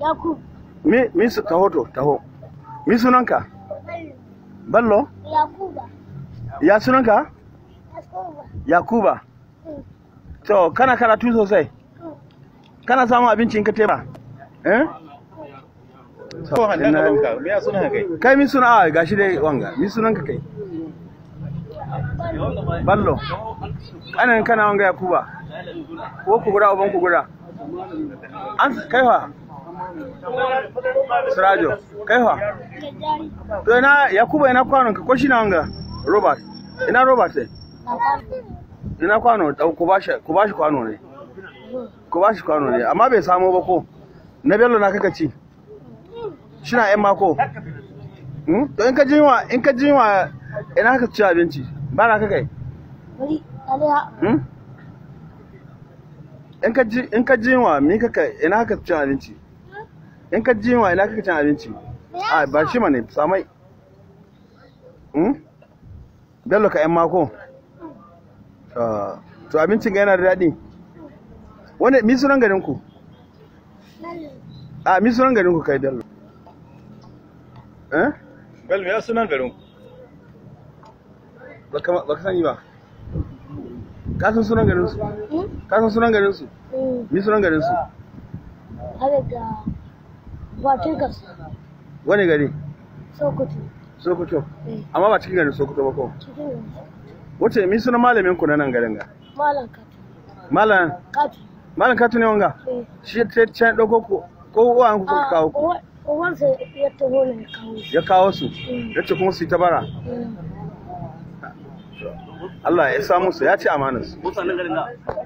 Yakub. Mi mi su taho to taho. Mi sunanka? Ballo. Yakuba. Ya sunanka? Yakuba. Yakuba. Mm. To kana karatu sosai? Mm. Kana samun abincin ka teba? Eh? Kai mi suna a gashi dai wanga, mi sunanka kai? Ballo. Kanan kana wanga Yakuba. Ko ku guda uban ku guda. An kaifa? Sirajo, kai fa? To ina Yakubu ina kwanon ka ko shi na wanga? Robert. Ina Robert ne? Ina kwano, ku bashi ku bashi kwano ne. Ku bashi kwano ne, amma bai samu ba ko. Na Bello na kaka ci. Shi na yan mako. Hmm? To in ka ji wa in ka ji wa ina ka ci abinci? Ba na kaka yi. Bari, hmm? In ka ji in ka ji wa me kaka ina ka ci abinci? in ka ji wa ina kake cin abinci a ba shi ne samai hmm? bello ka yan mako ah, to abincin ga yana da daɗi wani mi sunan garin ku a ah, mi sunan garin ku kai bello eh bello ya sunan garin ku ba ka sani ba ka san sunan garin su hmm? ka san sunan garin su hmm. mi sunan garin su ba tinkas wani gari sokoto eh. amma ba cikin garin sokoto ba ko wace mi suna malamin ku na nan garin ga malam katu ne wanga eh. shi ta can dauko ku ko uwan ku ah, kawo ku uwan sai ya taho ne kawo ya kawo su eh. kuma su ta bara Allah ya samu su ya ci amanar su mutanen garin ga